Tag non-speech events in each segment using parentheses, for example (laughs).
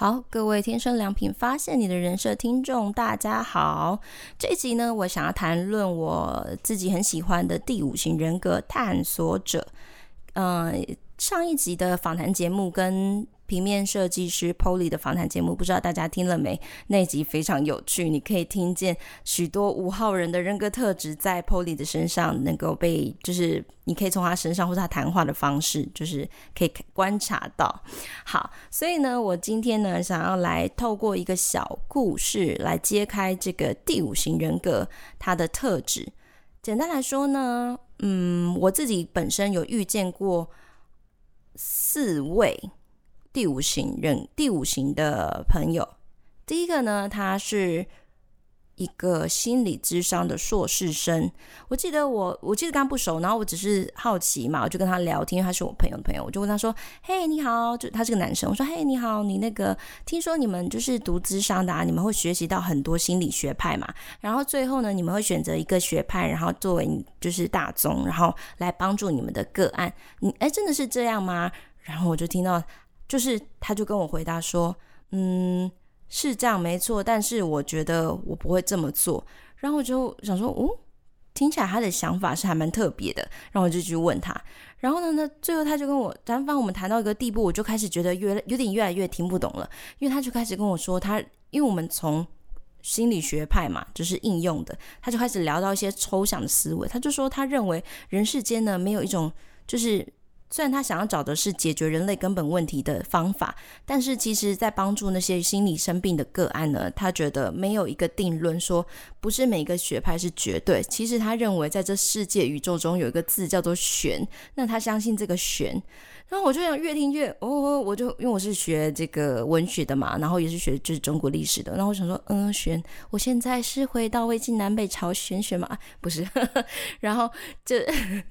好，各位天生良品發現你的人設聽眾，大家好。這一集呢，我想要談論我自己很喜歡的第五型人格探索者。嗯、呃，上一集的訪談節目跟。平面設計師 Polly 的訪談節目，不知道大家聽了沒？那一集非常有趣，你可以聽見許多五號人的人格特質在 Polly 的身上能夠被，就是你可以從他身上或者他談話的方式，就是可以觀察到。好，所以呢，我今天呢，想要來透過一個小故事來揭開這個第五型人格它的特質。簡單來說呢，嗯，我自己本身有遇見過四位。第五型人，第五型的朋友，第一個呢，他是一個心理諮商的碩士生。我記得我，我記得剛不熟，然後我只是好奇嘛，我就跟他聊天，他是我朋友的朋友，我就問他說：“嘿、hey,，你好！”就他是個男生，我說：“嘿、hey,，你好，你那個聽說你們就是讀諮商的、啊，你們會學習到很多心理學派嘛？然後最後呢，你們會選擇一個學派，然後作為你就是大宗，然後來幫助你們的個案。你哎、欸，真的是這樣嗎？”然後我就聽到。就是，他就跟我回答說，嗯，是這樣沒錯，但是我覺得我不會這麼做。然後我就想說，哦，聽起來他的想法是還蠻特別的。然後我就去問他，然後呢，那最後他就跟我，單方我們談到一個地步，我就開始覺得越有點越來越聽不懂了，因為他就開始跟我說他，他因為我們從心理學派嘛，就是應用的，他就開始聊到一些抽象的思維。他就說，他認為人世間呢，沒有一種就是。雖然他想要找的是解決人類根本問題的方法，但是其實在幫助那些心理生病的個案呢，他覺得沒有一個定論，說不是每一個學派是絕對。其實他認為，在這世界宇宙中有一個字叫做“玄”，那他相信這個“玄”。然後我就想，越聽越哦，我就因為我是學這個文學的嘛，然後也是學就是中國歷史的。然後我想說，嗯，玄，我現在是回到魏晉南北朝玄學嘛不是呵呵。然後就，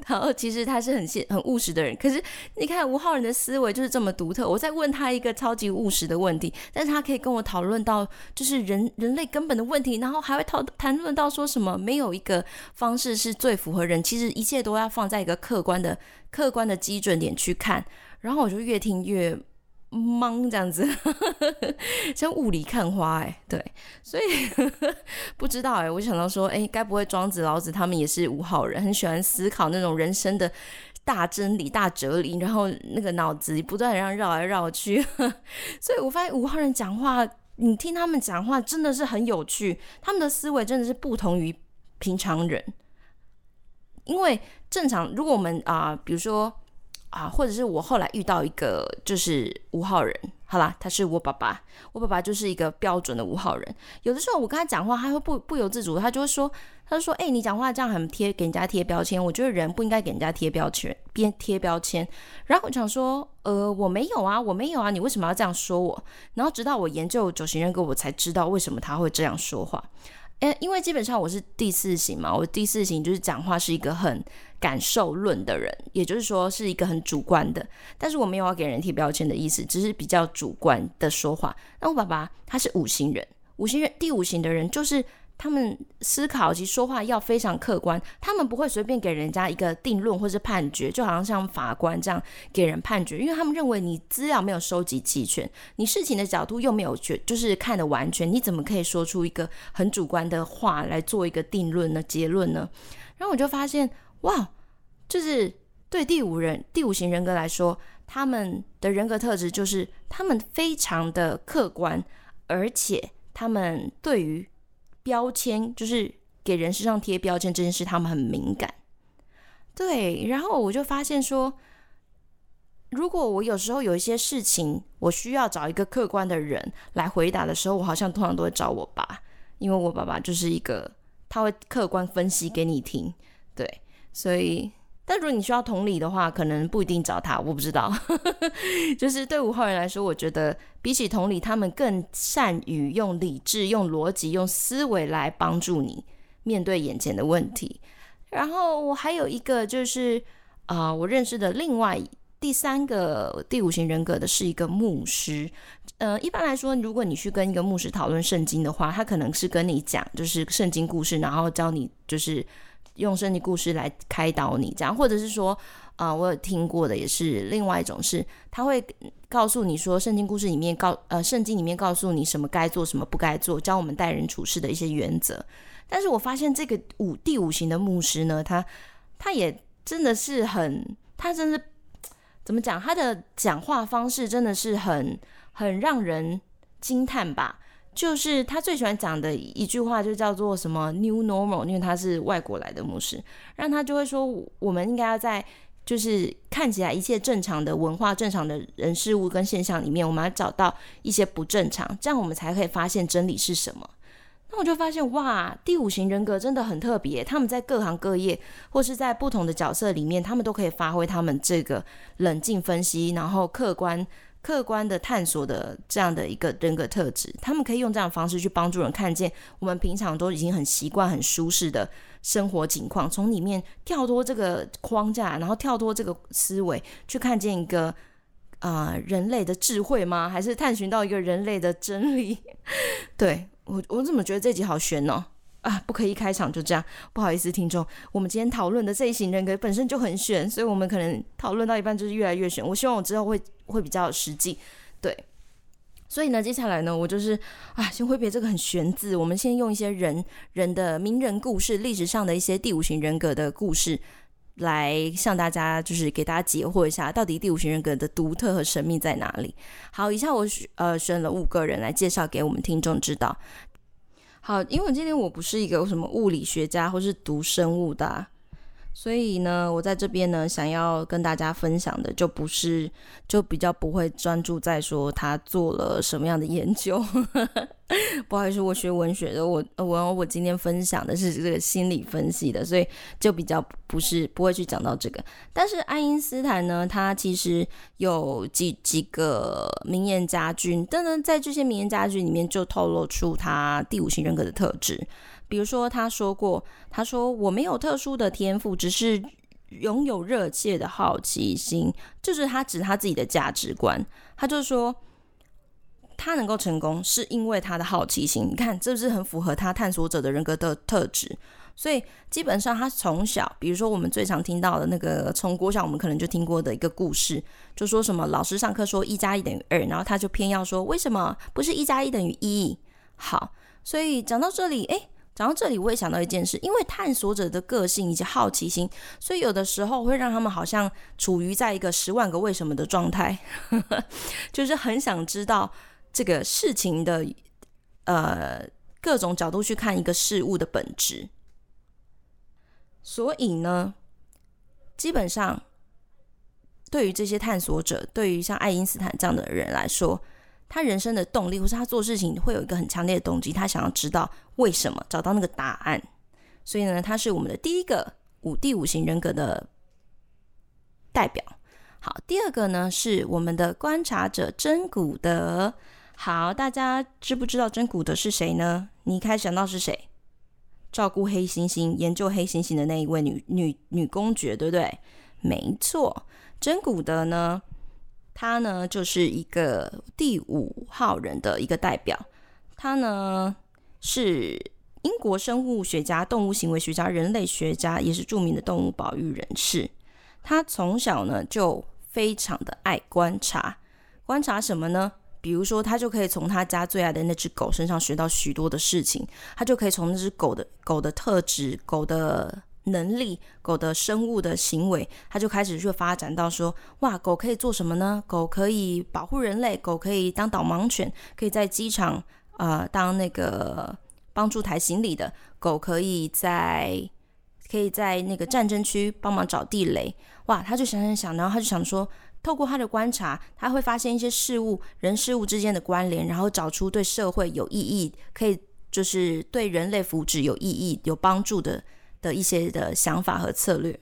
然後其實他是很現很務實的人。可是你看吳昊然的思維就是這麼獨特。我在問他一個超級務實的問題，但是他可以跟我討論到就是人人類根本的問題，然後還會討談論到說什麼沒有一個方式是最符合人，其實一切都要放在一個客觀的。客觀的基準點去看，然後我就越聽越懵，這樣子呵呵像霧裡看花哎，對，所以呵呵不知道哎，我想到說，誒、欸，該不會莊子、老子他們也是五號人，很喜歡思考那種人生的大真理、大哲理，然後那個腦子不斷的讓繞來繞去呵呵，所以我發現五號人講話，你聽他們講話真的是很有趣，他們的思維真的是不同於平常人。因為正常，如果我們啊、呃，比如說啊、呃，或者是我後來遇到一個就是五號人，好啦，他是我爸爸，我爸爸就是一個標準的五號人。有的時候我跟他講話，他會不不由自主，他就會說，他說，哎、欸，你講話這樣很貼，給人家貼標籤，我覺得人不應該給人家貼標籤，邊貼，貼標籤。然後我想說，呃，我沒有啊，我沒有啊，你為什麼要這樣說我？然後直到我研究九型人格，我才知道為什麼他會這樣說話。因為基本上我是第四型嘛，我第四型就是講話是一個很感受論的人，也就是說是一個很主觀的，但是我沒有要給人貼標籤的意思，只是比較主觀的說話。那我爸爸他是五型人，五型人，第五型的人就是。他們思考及說話要非常客觀，他們不會隨便給人家一個定論或是判決，就好像像法官這樣給人判決，因為他們認為你資料沒有收集齊全，你事情的角度又沒有就是看得完全，你怎麼可以說出一個很主觀的話來做一個定論的結論呢？然後我就發現，哇，就是對第五人第五型人格來說，他們的人格特質就是他們非常的客觀，而且他們對於。標籤就是給人身上貼標籤這件事，他們很敏感。對，然後我就發現說，如果我有時候有一些事情，我需要找一個客觀的人來回答的時候，我好像通常都會找我爸，因為我爸爸就是一個他會客觀分析給你聽。對，所以。但如果你需要同理的話，可能不一定找他，我不知道。 (laughs) 就是對五號人來說，我覺得比起同理，他們更善於用理智、用邏輯、用思維來幫助你面對眼前的問題。然後我還有一個就是啊、呃，我認識的另外第三個第五型人格的是一個牧師。呃，一般來說，如果你去跟一個牧師討論聖經的話，他可能是跟你講就是聖經故事，然後教你就是。用聖經故事來開導你，這樣或者是說，啊、呃，我有聽過的，也是另外一種是，他會告訴你說，聖經故事裡面告呃，聖經裡面告訴你什麼該做，什麼不該做，教我們待人處事的一些原則。但是我發現這個五第五型的牧師呢，他他也真的是很，他真的怎麼講，他的講話方式真的是很很讓人驚嘆吧。就是他最喜歡講的一句話，就叫做什麼「New Normal」，因為他是外國來的牧師，讓他就會說，我們應該要在就是看起來一切正常的文化、正常的人事物跟現象裡面，我們要找到一些不正常，這樣我們才可以發現真理是什麼。那我就發現哇，第五型人格真的很特別，他們在各行各業或是在不同的角色裡面，他們都可以發揮他們這個冷靜分析，然後客觀。客觀的探索的這樣的一個人格特質，他們可以用這樣的方式去幫助人看見我們平常都已經很習慣、很舒適的生活情況，從裡面跳脫這個框架，然後跳脫這個思維，去看見一個啊、呃、人類的智慧嗎？還是探尋到一個人類的真理？對，我，我怎麼覺得這集好玄呢？啊，不可以開場就這樣，不好意思，聽眾。我們今天討論的這一型人格本身就很玄，所以我們可能討論到一半就是越來越玄。我希望我之後會會比較有實際，對。所以呢，接下來呢，我就是啊，先揮別這個很玄字，我們先用一些人人的名人故事、歷史上的一些第五型人格的故事，來向大家就是給大家解惑一下，到底第五型人格的獨特和神秘在哪裡。好，以下我選呃選了五個人來介紹給我們聽眾知道。好，因為今天我不是一個什麼物理學家，或是讀生物的啊。所以呢，我在這邊呢，想要跟大家分享的，就不是，就比較不會專注在說他做了什麼樣的研究。 (laughs) 不好意思，我學文學的，我我、呃、我今天分享的是這個心理分析的，所以就比較不是不會去講到這個。但是愛因斯坦呢，他其實有幾幾個名言佳句，但是在這些名言佳句裡面，就透露出他第五型人格的特質。比如說，他說過，他說我沒有特殊的天賦，只是擁有熱切的好奇心。就是他指他自己的價值觀。他就說他能夠成功是因為他的好奇心。你看，這是很符合他探索者的人格的特質。所以基本上，他從小，比如說我們最常聽到的那個，從國小我們可能就聽過的一個故事，就說什麼老師上課說一加一等於二，2，然後他就偏要說為什麼不是一加一等於一？好，所以講到這裡，誒、欸。然後這裡我也想到一件事，因為探索者的個性以及好奇心，所以有的時候會讓他們好像處於在一個十萬個為什麼的狀態，呵呵，就是很想知道這個事情的呃各種角度去看一個事物的本質。所以呢，基本上對於這些探索者，對於像愛因斯坦這樣的人來說，他人生的動力，或是他做事情會有一個很強烈的動機，他想要知道為什麼，找到那個答案。所以呢，他是我們的第一個五第五型人格的代表。好，第二個呢，是我們的觀察者珍古德。好，大家知不知道珍古德是誰呢？你一開始想到是誰？照顧黑猩猩、研究黑猩猩的那一位女女女公爵，對不對？沒錯，珍古德呢？他呢，就是一個第五號人的一個代表。他呢，是英國生物學家、動物行為學家、人類學家，也是著名的動物保育人士。他從小呢，就非常的愛觀察。觀察什麼呢？比如說，他就可以從他家最愛的那隻狗身上學到許多的事情。他就可以從那隻狗的狗的特質、狗的。能力、狗的生物的行為，他就開始去發展到說：哇，狗可以做什麼呢？狗可以保護人類，狗可以當導盲犬，可以在機場啊、呃、當那個幫助抬行李的狗，可以在可以在那個戰爭區幫忙找地雷。哇！他就想想想，然後他就想說，透過他的觀察，他會發現一些事物人事物之間的關聯，然後找出對社會有意義，可以就是對人類福祉有意義、有幫助的。的一些的想法和策略，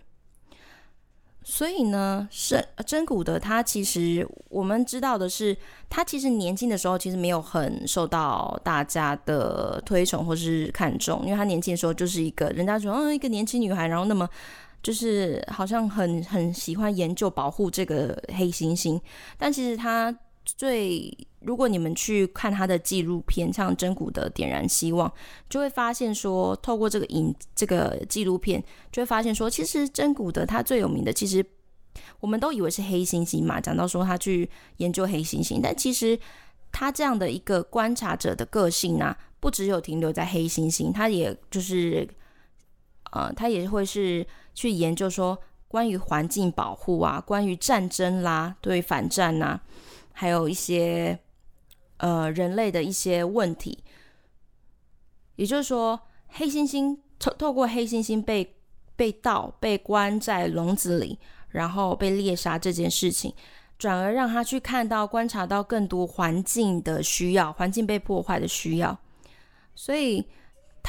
所以呢，是珍古德。他其實我們知道的是，他其實年輕的時候其實沒有很受到大家的推崇或是看重，因為他年輕的時候就是一個人家說，嗯、哦，一個年輕女孩，然後那麼就是好像很很喜歡研究保護這個黑猩猩，但其實他。最，如果你們去看他的紀錄片，像珍古德《點燃希望》，就會發現說，透過這個影這個紀錄片，就會發現說，其實珍古德他最有名的，其實我們都以為是黑猩猩嘛，講到說他去研究黑猩猩，但其實他這樣的一個觀察者的個性呢、啊，不只有停留在黑猩猩，他也就是，呃，他也會是去研究說關於環境保護啊，關於戰爭啦、啊，對反戰吶、啊。還有一些，呃，人類的一些問題，也就是說，黑猩猩透透過黑猩猩被被盜、被關在籠子裡，然後被獵殺這件事情，轉而讓他去看到、觀察到更多環境的需要，環境被破壞的需要，所以。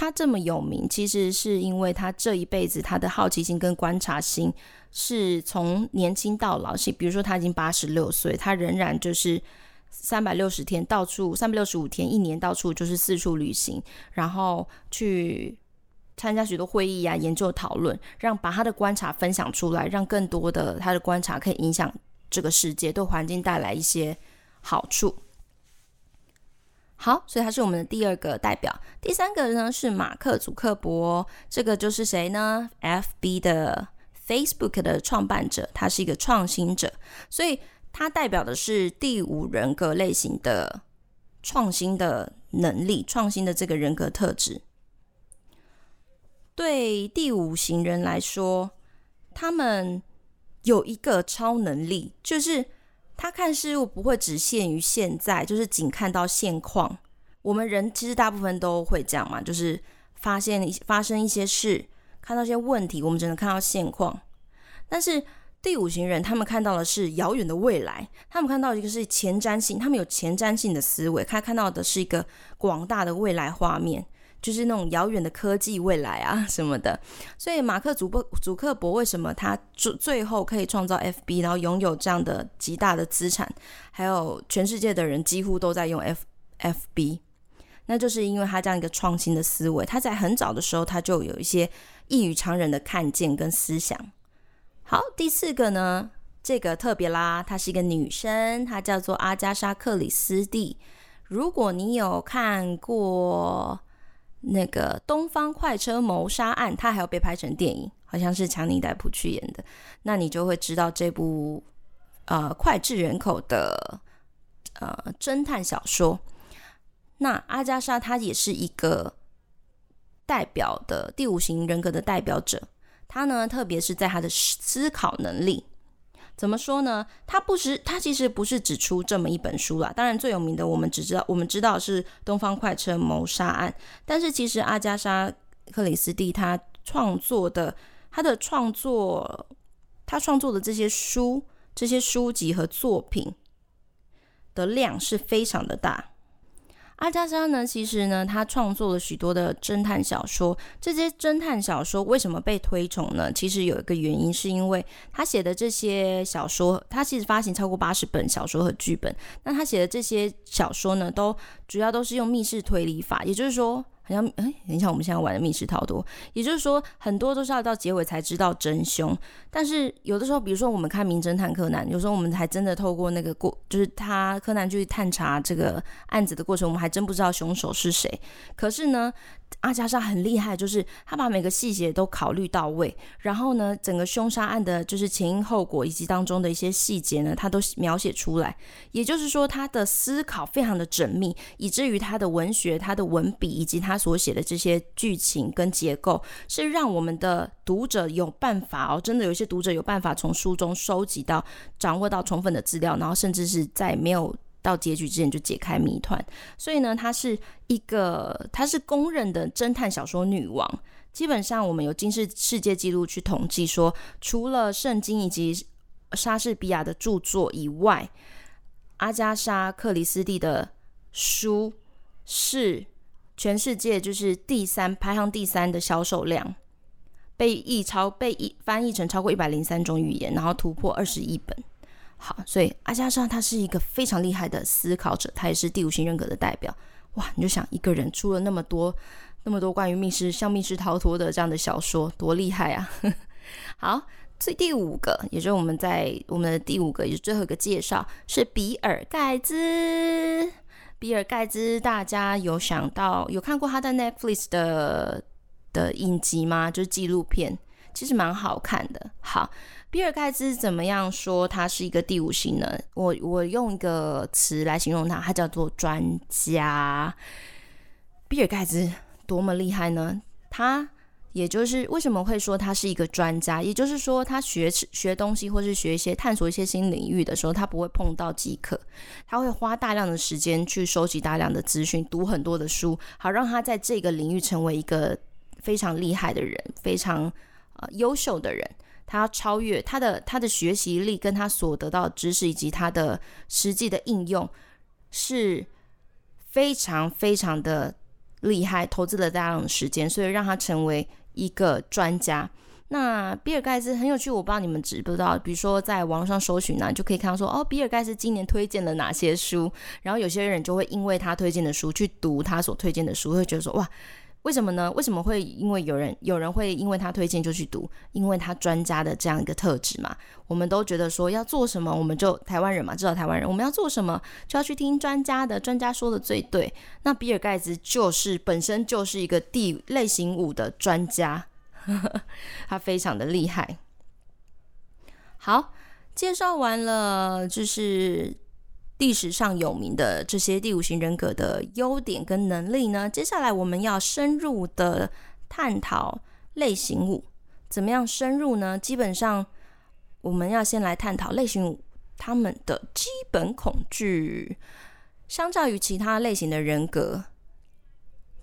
他這麼有名，其實是因為他這一輩子他的好奇心跟觀察心是從年輕到老，是比如說他已經八十六歲，他仍然就是三百六十天到處，三百六十五天一年到處就是四處旅行，然後去參加許多會議啊，研究討論，讓把他的觀察分享出來，讓更多的他的觀察可以影響這個世界，對環境帶來一些好處。好，所以他是我們的第二個代表。第三個呢是馬克·祖克柏，這個就是誰呢？FB 的 Facebook 的創辦者，他是一個創新者，所以他代表的是第五人格類型的創新的能力，創新的這個人格特質。對第五型人來說，他們有一個超能力，就是。他看事物不會只限於現在，就是僅看到現況。我們人其實大部分都會這樣嘛，就是發現發生一些事，看到一些問題，我們只能看到現況。但是第五型人他們看到的是遙遠的未來，他們看到一個是前瞻性，他們有前瞻性的思維，他看到的是一個廣大的未來畫面。就是那種遙遠的科技未來啊，什麼的，所以馬克·祖博·祖克柏為什麼他最最後可以創造 FB，然後擁有這樣的極大的資產，還有全世界的人幾乎都在用 FFB，那就是因為他這樣一個創新的思維。他在很早的時候他就有一些異於常人的看見跟思想。好，第四個呢，這個特別啦，她是一個女生，她叫做阿加莎·克里斯蒂。如果你有看過，那個《東方快車謀殺案》，它還要被拍成電影，好像是強尼戴普去演的，那你就會知道這部呃膾炙人口的呃偵探小說。那阿加莎她也是一個代表的第五型人格的代表者，她呢，特別是在她的思考能力。怎麼說呢？他不是，他其實不是只出這麼一本書啦。當然最有名的，我們只知道，我們知道是《東方快車謀殺案》，但是其實阿加莎·克里斯蒂她創作的，他的創作，他創作的這些書、這些書籍和作品的量是非常的大。阿加莎呢？其實呢，他創作了許多的偵探小說。這些偵探小說為什麼被推崇呢？其實有一個原因，是因為他寫的這些小說，他其實發行超過八十本小說和劇本。那他寫的這些小說呢，都主要都是用密室推理法，也就是說。很像哎，你、欸、像我們現在玩的密室逃脫，也就是說很多都是要到結尾才知道真兇。但是有的時候，比如說我們看《名偵探柯南》，有時候我們還真的透過那個過，就是他柯南去探查這個案子的過程，我們還真不知道兇手是誰。可是呢。阿加莎很厲害，就是他把每個細節都考慮到位，然後呢，整個兇殺案的就是前因後果以及當中的一些細節呢，他都描寫出來。也就是說，他的思考非常的縝密，以至於他的文學、他的文筆以及他所寫的這些劇情跟結構，是讓我們的讀者有辦法哦，真的有一些讀者有辦法從書中收集到、掌握到充分的資料，然後甚至是在沒有。到結局之前就解開謎團，所以呢，她是一個，她是公認的偵探小說女王。基本上，我們有金氏世界紀錄去統計說，除了聖經以及莎士比亞的著作以外，阿加莎克里斯蒂的書是全世界就是第三，排行第三的銷售量，被譯超被譯翻譯成超過一百零三種語言，然後突破二十億本。好，所以阿加莎他是一個非常厲害的思考者，他也是第五型人格的代表。哇，你就想一個人出了那麼多，那麼多關於密室、像密室逃脫的這樣的小說，多厲害啊！ (laughs) 好，所以第五個，也就是我們在我們的第五個，也就是最後一個介紹，是比爾蓋茨。比爾蓋茨，大家有想到，有看過他的 Netflix 的的影集嗎？就是紀錄片，其實蠻好看的。好。比爾蓋茨怎麼樣說他是一個第五型呢？我我用一個詞來形容他，他叫做專家。比爾蓋茨多麼厲害呢？他也就是為什麼會說他是一個專家？也就是說，他學學東西，或是學一些探索一些新領域的時候，他不會碰到即可。他會花大量的時間去收集大量的資訊，讀很多的書，好讓他在這個領域成為一個非常厲害的人，非常呃優秀的人。他超越他的他的學習力跟他所得到的知識，以及他的實際的應用是非常非常的厲害，投資了大量的時間，所以讓他成為一個專家。那比爾蓋茨很有趣，我不知道你們知不知道，比如說在網上搜尋呢，就可以看到說哦，比爾蓋茨今年推薦了哪些書，然後有些人就會因為他推薦的書去讀他所推薦的書，會覺得說哇。為什麼呢？為什麼會因為有人，有人會因為他推薦就去讀？因為他專家的這樣一個特質嘛。我們都覺得說要做什麼，我們就台灣人嘛，至少台灣人，我們要做什麼就要去聽專家的，專家說的最對。那比爾蓋茨就是本身就是一個第類型五的專家， (laughs) 他非常的厲害。好，介紹完了就是。歷史上有名的這些第五型人格的優點跟能力呢。接下來我們要深入的探討類型五，怎麼樣深入呢？基本上我們要先來探討類型五，他們的基本恐懼，相較於其他類型的人格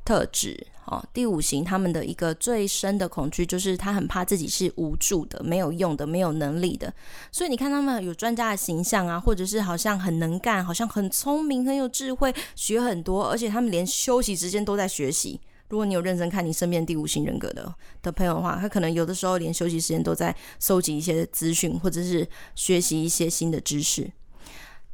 特質，哦，第五型他們的一個最深的恐懼就是他很怕自己是無助的、沒有用的、沒有能力的。所以你看，他們有專家的形象啊，或者是好像很能幹，好像很聰明、很有智慧，學很多，而且他們連休息時間都在學習。如果你有認真看你身邊第五型人格的的朋友的話，他可能有的時候連休息時間都在收集一些資訊，或者是學習一些新的知識。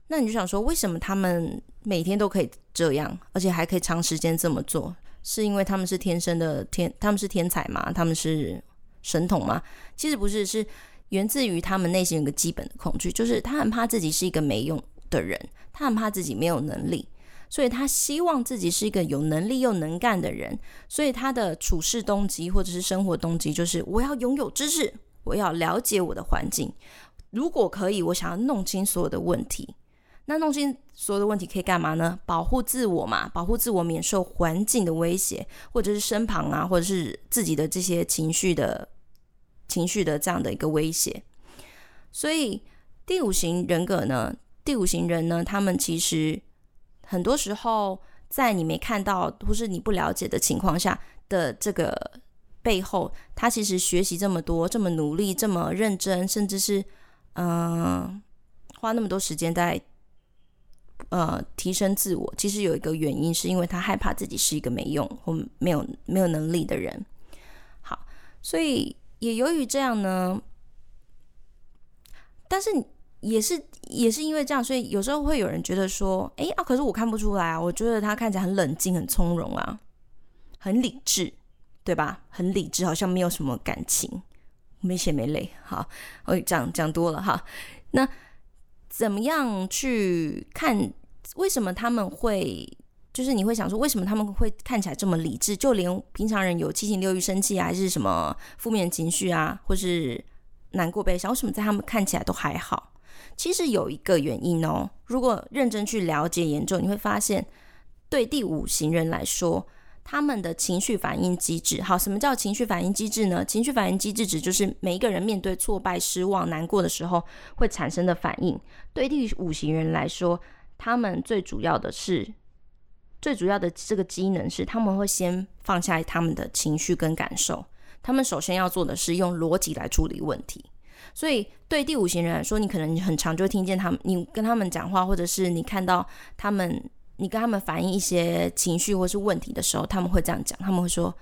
那你就想說，為什麼他們每天都可以這樣，而且還可以長時間這麼做？是因為他們是天生的天，他們是天才嗎？他們是神童嗎？其實不是，是源自於他們內心有個基本的恐懼，就是他很怕自己是一個沒用的人，他很怕自己沒有能力，所以他希望自己是一個有能力又能幹的人，所以他的處事動機或者是生活動機就是我要擁有知識，我要了解我的環境，如果可以，我想要弄清所有的問題。那弄清所有的問題可以幹嘛呢？保護自我嘛，保護自我免受環境的威脅，或者是身旁啊，或者是自己的這些情緒的情緒的這樣的一個威脅。所以第五型人格呢，第五型人呢，他們其實很多時候在你沒看到或是你不了解的情況下的這個背後，他其實學習這麼多，這麼努力，這麼認真，甚至是嗯、呃，花那麼多時間在。呃，提升自我其實有一個原因，是因為他害怕自己是一個沒用或沒有沒有能力的人。好，所以也由於這樣呢，但是也是也是因為這樣，所以有時候會有人覺得說，哎啊，可是我看不出來啊，我覺得他看起來很冷靜、很從容啊，很理智，對吧？很理智，好像沒有什麼感情，沒血沒淚。好，我講講多了哈，那。怎麼樣去看？為什麼他們會？就是你會想說，為什麼他們會看起來這麼理智？就連平常人有七情六欲、生氣啊，還是什麼負面情緒啊，或是難過、悲傷，為什麼在他們看起來都還好？其實有一個原因哦。如果認真去了解研究，你會發現，對第五型人來說。他們的情緒反應機制，好，什麼叫情緒反應機制呢？情緒反應機制指就是每一個人面對挫敗、失望、難過的時候，會產生的反應。對第五型人來說，他們最主要的是，最主要的這個機能是他們會先放下他們的情緒跟感受，他們首先要做的是用邏輯來處理問題。所以對第五型人來說，你可能很常就會聽見他們，你跟他們講話，或者是你看到他們。你跟他們反映一些情緒或是問題的時候，他們會這樣講：他們會說，“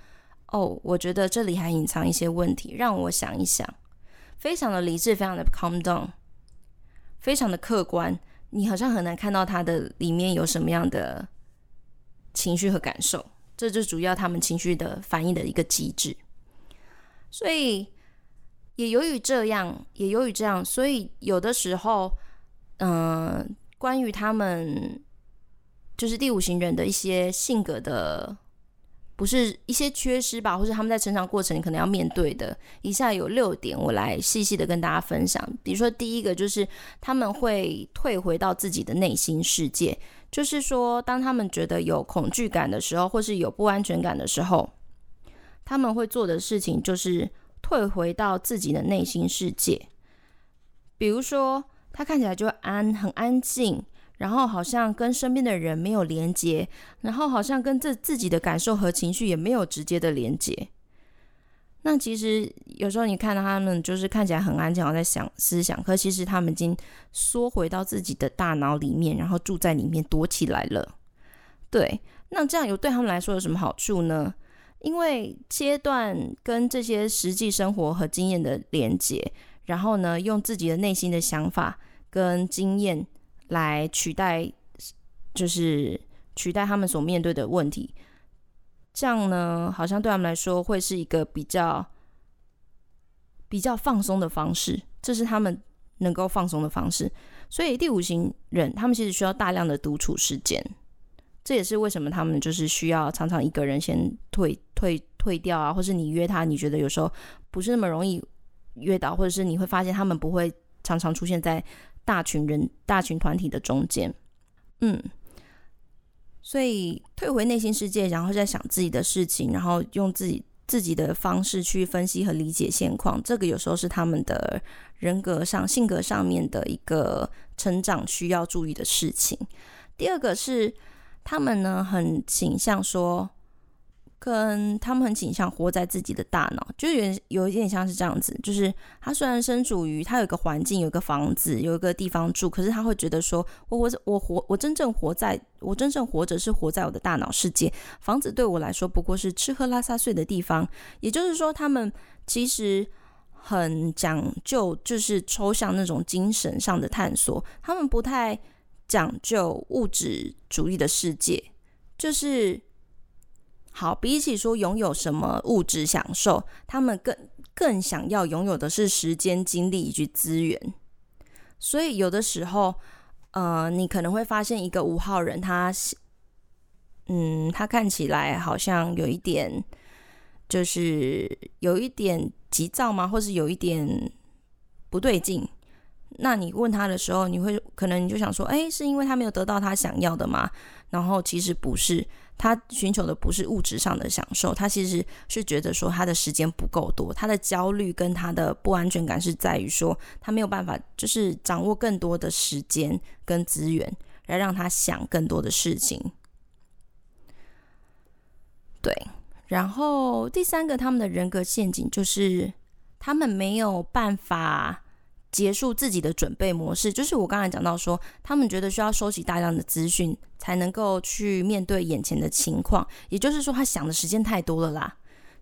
哦，我覺得這裡還隱藏一些問題，讓我想一想。”非常的理智，非常的 calm down，非常的客觀。你好像很難看到他的裡面有什麼樣的情緒和感受。這就是主要他們情緒的反應的一個機制。所以，也由於這樣，也由於這樣，所以有的時候，嗯、呃，關於他們。就是第五型人的一些性格的，不是一些缺失吧，或是他們在成長過程可能要面對的，以下有六點，我來細細的跟大家分享。比如說第一個就是他們會退回到自己的內心世界，就是說，當他們覺得有恐懼感的時候，或是有不安全感的時候，他們會做的事情就是退回到自己的內心世界。比如說他看起來就安很安靜。然後好像跟身邊的人沒有連接，然後好像跟自自己的感受和情緒也沒有直接的連接。那其實有時候你看到他們就是看起來很安靜，好像在想思想，可其實他們已經縮回到自己的大腦裡面，然後住在裡面躲起來了。對，那這樣有對他們來說有什麼好處呢？因為切斷跟這些實際生活和經驗的連接，然後呢，用自己的內心的想法跟經驗。來取代，就是取代他們所面對的問題，這樣呢，好像對他們來說會是一個比較比較放鬆的方式，這是他們能夠放鬆的方式。所以第五型人，他們其實需要大量的獨處時間，這也是為什麼他們就是需要常常一個人先退退退掉啊，或是你約他，你覺得有時候不是那麼容易約到，或者是你會發現他們不會常常出現在。大群人、大群團體的中間，嗯，所以退回內心世界，然後再想自己的事情，然後用自己自己的方式去分析和理解現況。這個有時候是他們的人格上、性格上面的一個成長需要注意的事情。第二個是他們呢，很傾向說，跟他們很傾向活在自己的大腦，就有有一點點像是這樣子，就是他雖然身處於他有個環境、有個房子、有一個地方住，可是他會覺得說，我活着，我活，我真正活在我真正活着是活在我的大腦世界，房子對我來說不過是吃喝拉撒睡的地方。也就是說，他們其實很講究，就是抽象那種精神上的探索，他們不太講究物質主義的世界，就是。好，比起說擁有什麼物質享受，他們更更想要擁有的是時間、精力以及資源。所以有的時候，呃，你可能會發現一個五號人，他是，嗯，他看起來好像有一點，就是有一點急躁嗎？或是有一點不對勁？那你問他的時候，你會可能你就想說，哎，是因為他沒有得到他想要的嗎？然後其實不是。他尋求的不是物質上的享受，他其實是覺得說他的時間不夠多，他的焦慮跟他的不安全感是在於說他沒有辦法，就是掌握更多的時間跟資源來讓他想更多的事情。對，然後第三個他們的人格陷阱就是他們沒有辦法，結束自己的準備模式，就是我剛才講到說，他們覺得需要收集大量的資訊才能夠去面對眼前的情況，也就是說，他想的時間太多了啦。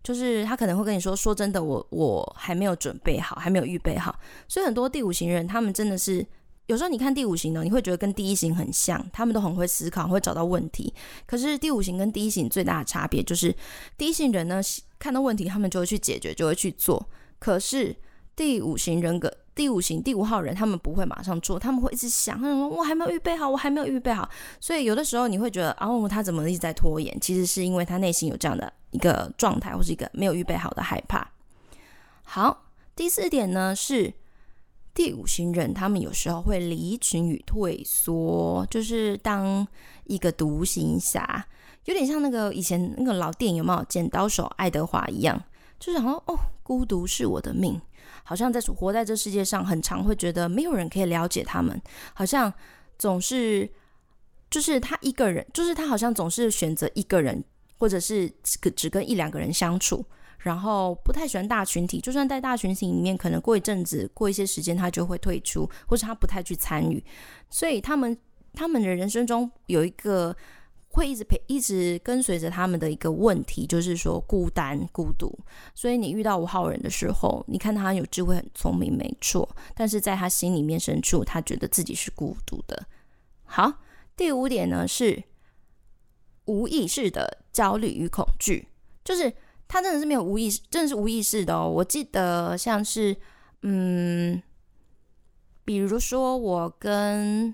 就是他可能會跟你說：“說真的，我我還沒有準備好，還沒有預備好。”所以，很多第五型人他們真的是有時候你看第五型呢，你會覺得跟第一型很像，他們都很會思考，會找到問題。可是，第五型跟第一型最大的差別就是，第一型人呢看到問題，他們就會去解決，就會去做；可是第五型人格。第五型第五號人，他們不會馬上做，他們會一直想，他說我還沒有預備好，我還沒有預備好。所以有的時候你會覺得啊，哦，他怎麼一直在拖延？其實是因為他內心有這樣的一個狀態，或是一個沒有預備好的害怕。好，第四點呢是第五型人，他們有時候會離群與退縮，就是當一個獨行俠，有點像那個以前那個老電影，有沒有《剪刀手愛德華》一樣？就是好像哦，孤獨是我的命。好像在活在這世界上，很常會覺得沒有人可以了解他們，好像總是就是他一個人，就是他好像總是選擇一個人，或者是只跟一兩個人相處，然後不太喜歡大群體。就算在大群體裡面，可能過一陣子、過一些時間，他就會退出，或者他不太去參與。所以他們他們的人生中有一個。會一直陪，一直跟隨着他們的一個問題，就是說孤單、孤獨。所以你遇到五號人的時候，你看他有智慧、很聰明，沒錯，但是在他心裡面深處，他覺得自己是孤獨的。好，第五點呢是無意識的焦慮與恐懼，就是他真的是沒有無意識，真的是無意識的哦。我記得像是，嗯，比如說我跟。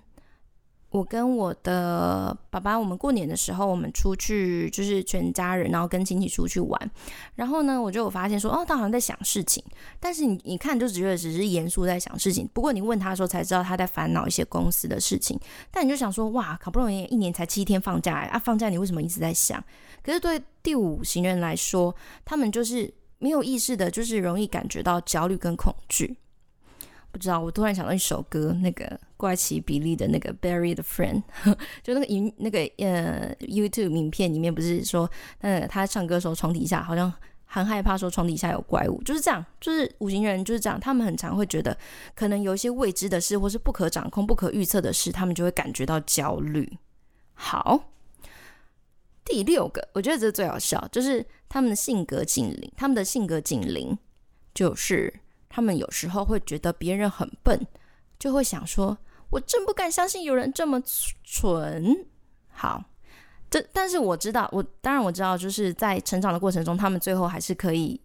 我跟我的爸爸，我們過年的時候，我們出去就是全家人，然後跟親戚出去玩。然後呢，我就發現說，哦，他好像在想事情，但是你一看，就只覺得只是嚴肅在想事情。不過你問他的時候才知道他在煩惱一些公司的事情。但你就想說，哇，好不容易一年才七天放假啊，放假你為什麼一直在想？可是對第五型人來說，他們就是沒有意識的，就是容易感覺到焦慮跟恐懼。不知道，我突然想到一首歌，那個怪奇比莉的那個 bury a friend，呵就那個銀，那個呃 YouTube 影片裡面不是說，嗯，他唱歌的時候床底下好像很害怕，說床底下有怪物，就是這樣，就是五型人就是這樣，他們很常會覺得，可能有一些未知的事或是不可掌控、不可預測的事，他們就會感覺到焦慮。好，第六個，我覺得這是最好笑，就是他們的性格緊鄰，他們的性格緊鄰就是。他們有時候會覺得別人很笨，就會想說：“我真不敢相信有人這麼蠢。”好，這但是我知道，我當然我知道，就是在成長的過程中，他們最後還是可以，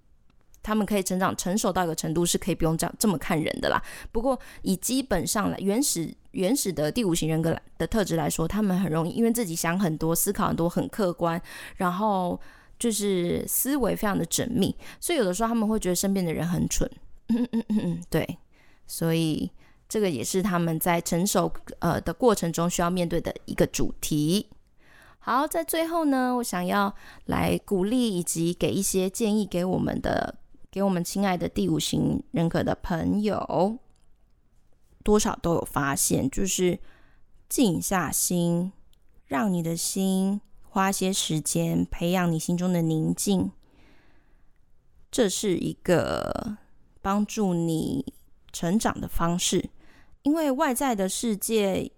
他們可以成長成熟到一個程度，是可以不用這樣這麼看人的啦。不過以基本上來原始原始的第五型人格的特質來說，他們很容易因為自己想很多、思考很多、很客觀，然後就是思維非常的縝密，所以有的時候他們會覺得身邊的人很蠢。嗯嗯嗯嗯， (laughs) 對，所以這個也是他們在成熟呃的過程中需要面對的一個主題。好，在最後呢，我想要來鼓勵以及給一些建議給我們的，給我們親愛的第五型人格的朋友，多少都有發現，就是靜下心，讓你的心花些時間培養你心中的寧靜，這是一個。幫助你成長的方式，因為外在的世界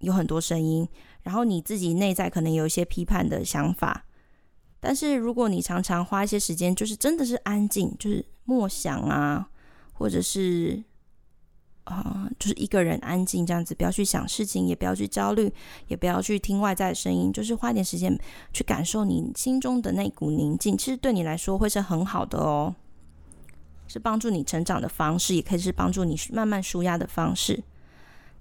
有很多聲音，然後你自己內在可能有一些批判的想法。但是如果你常常花一些時間，就是真的是安靜，就是默想啊，或者是啊、呃，就是一個人安靜這樣子，不要去想事情，也不要去焦慮，也不要去聽外在的聲音，就是花點時間去感受你心中的那股寧靜，其實對你來說會是很好的哦。是幫助你成長的方式，也可以是幫助你慢慢舒壓的方式。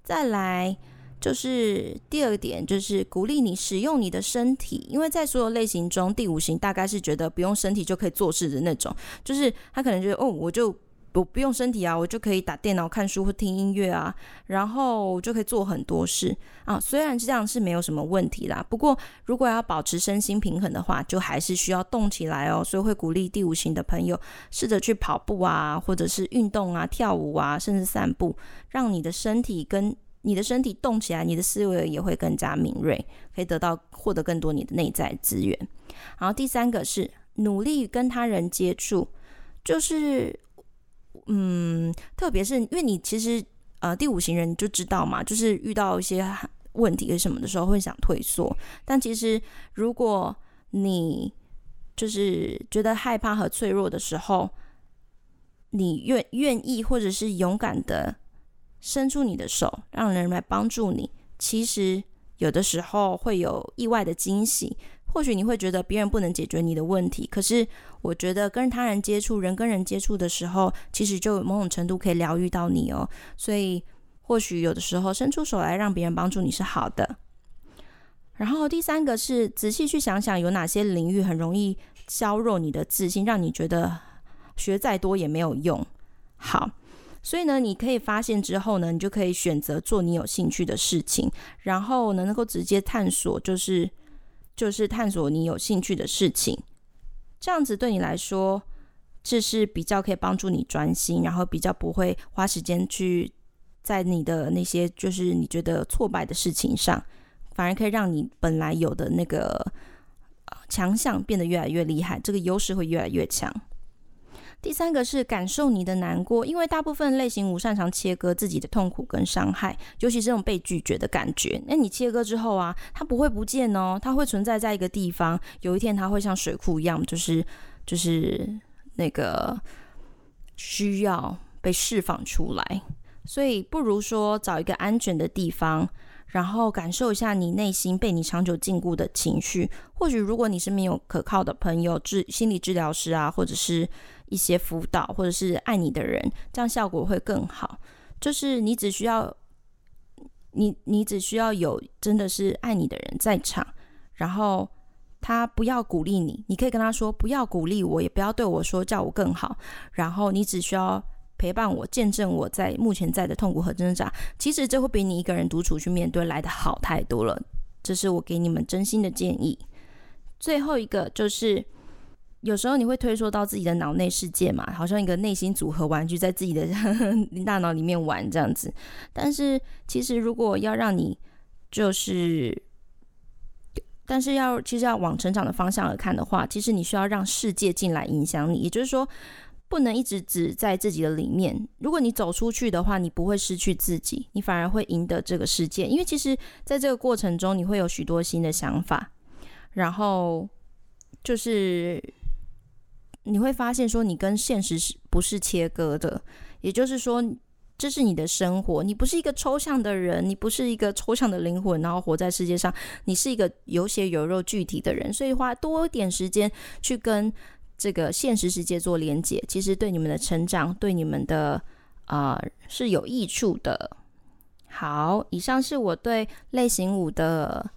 再來就是第二點，就是鼓勵你使用你的身體，因為在所有類型中，第五型大概是覺得不用身體就可以做事的那種，就是他可能覺得哦，我就。我不用身體啊，我就可以打電腦、看書或聽音樂啊，然後就可以做很多事啊。雖然這樣是沒有什麼問題啦，不過如果要保持身心平衡的話，就還是需要動起來哦。所以會鼓勵第五型的朋友試着去跑步啊，或者是運動啊、跳舞啊，甚至散步，讓你的身體跟你的身體動起來，你的思維也會更加敏銳，可以得到獲得更多你的內在資源。然後第三個是努力跟他人接觸，就是。嗯，特別是因為你其實呃，第五型人你就知道嘛，就是遇到一些問題什麼的時候會想退縮。但其實如果你就是覺得害怕和脆弱的時候，你願願意或者是勇敢的伸出你的手，讓人來幫助你，其實有的時候會有意外的驚喜。或許你會覺得別人不能解決你的問題，可是我覺得跟他人接觸，人跟人接觸的時候，其實就某種程度可以療癒到你哦。所以，或許有的時候伸出手來讓別人幫助你是好的。然後第三個是仔細去想想有哪些領域很容易削弱你的自信，讓你覺得學再多也沒有用。好，所以呢，你可以發現之後呢，你就可以選擇做你有興趣的事情，然後呢，能夠直接探索就是。就是探索你有興趣的事情，這樣子對你來說，這是就是比較可以幫助你專心，然後比較不會花時間去在你的那些就是你覺得挫敗的事情上，反而可以讓你本來有的那個強項變得越來越厲害，這個優勢會越來越強。第三個是感受你的難過，因為大部分類型五擅長切割自己的痛苦跟傷害，尤其是這種被拒絕的感覺。那你切割之後啊，它不會不見哦，它會存在在一個地方。有一天它會像水庫一樣，就是就是那個需要被釋放出來。所以不如說找一個安全的地方，然後感受一下你內心被你長久禁錮的情緒。或許如果你身邊有可靠的朋友、治心理治療師啊，或者是。一些輔導，或者是愛你的人，這樣效果會更好。就是你只需要，你你只需要有真的是愛你的人在場，然後他不要鼓勵你，你可以跟他說不要鼓勵我，也不要對我說叫我更好。然後你只需要陪伴我，見證我在目前在的痛苦和掙扎。其實這會比你一個人獨處去面對來的好太多了。這是我給你們真心的建議。最後一個就是。有時候你會退縮到自己的腦內世界嘛，好像一個內心組合玩具在自己的大腦裡面玩這樣子。但是其實如果要讓你就是，但是要其實要往成長的方向而看的話，其實你需要讓世界進來影響你，也就是說不能一直只在自己的裡面。如果你走出去的話，你不會失去自己，你反而會贏得這個世界。因為其實在這個過程中，你會有許多新的想法，然後就是。你會發現，說你跟現實是不是切割的？也就是說，這是你的生活，你不是一個抽象的人，你不是一個抽象的靈魂，然後活在世界上，你是一個有血有肉具體的人。所以花多一點時間去跟這個現實世界做連接，其實對你們的成長，對你們的，呃，是有益處的。好，以上是我對類型五的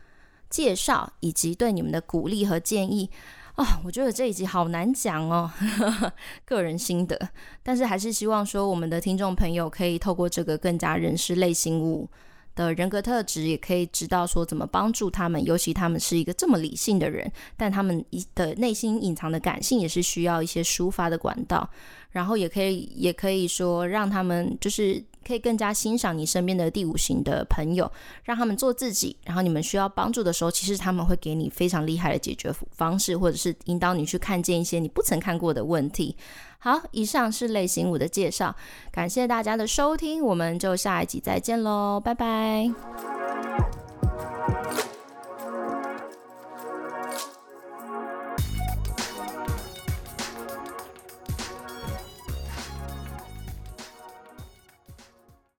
介紹，以及對你們的鼓勵和建議。啊、哦，我覺得這一集好難講哦呵呵，個人心得。但是還是希望說，我們的聽眾朋友可以透過這個更加認識類型五的人格特質，也可以知道說怎麼幫助他們，尤其他們是一個這麼理性的人，但他們一的內心隱藏的感性也是需要一些抒發的管道，然後也可以也可以說讓他們就是。可以更加欣賞你身邊的第五型的朋友，讓他們做自己，然後你們需要幫助的時候，其實他們會給你非常厲害的解決方式，或者是引導你去看見一些你不曾看過的問題。好，以上是類型五的介紹，感謝大家的收聽，我們就下一集再見嘍，拜拜。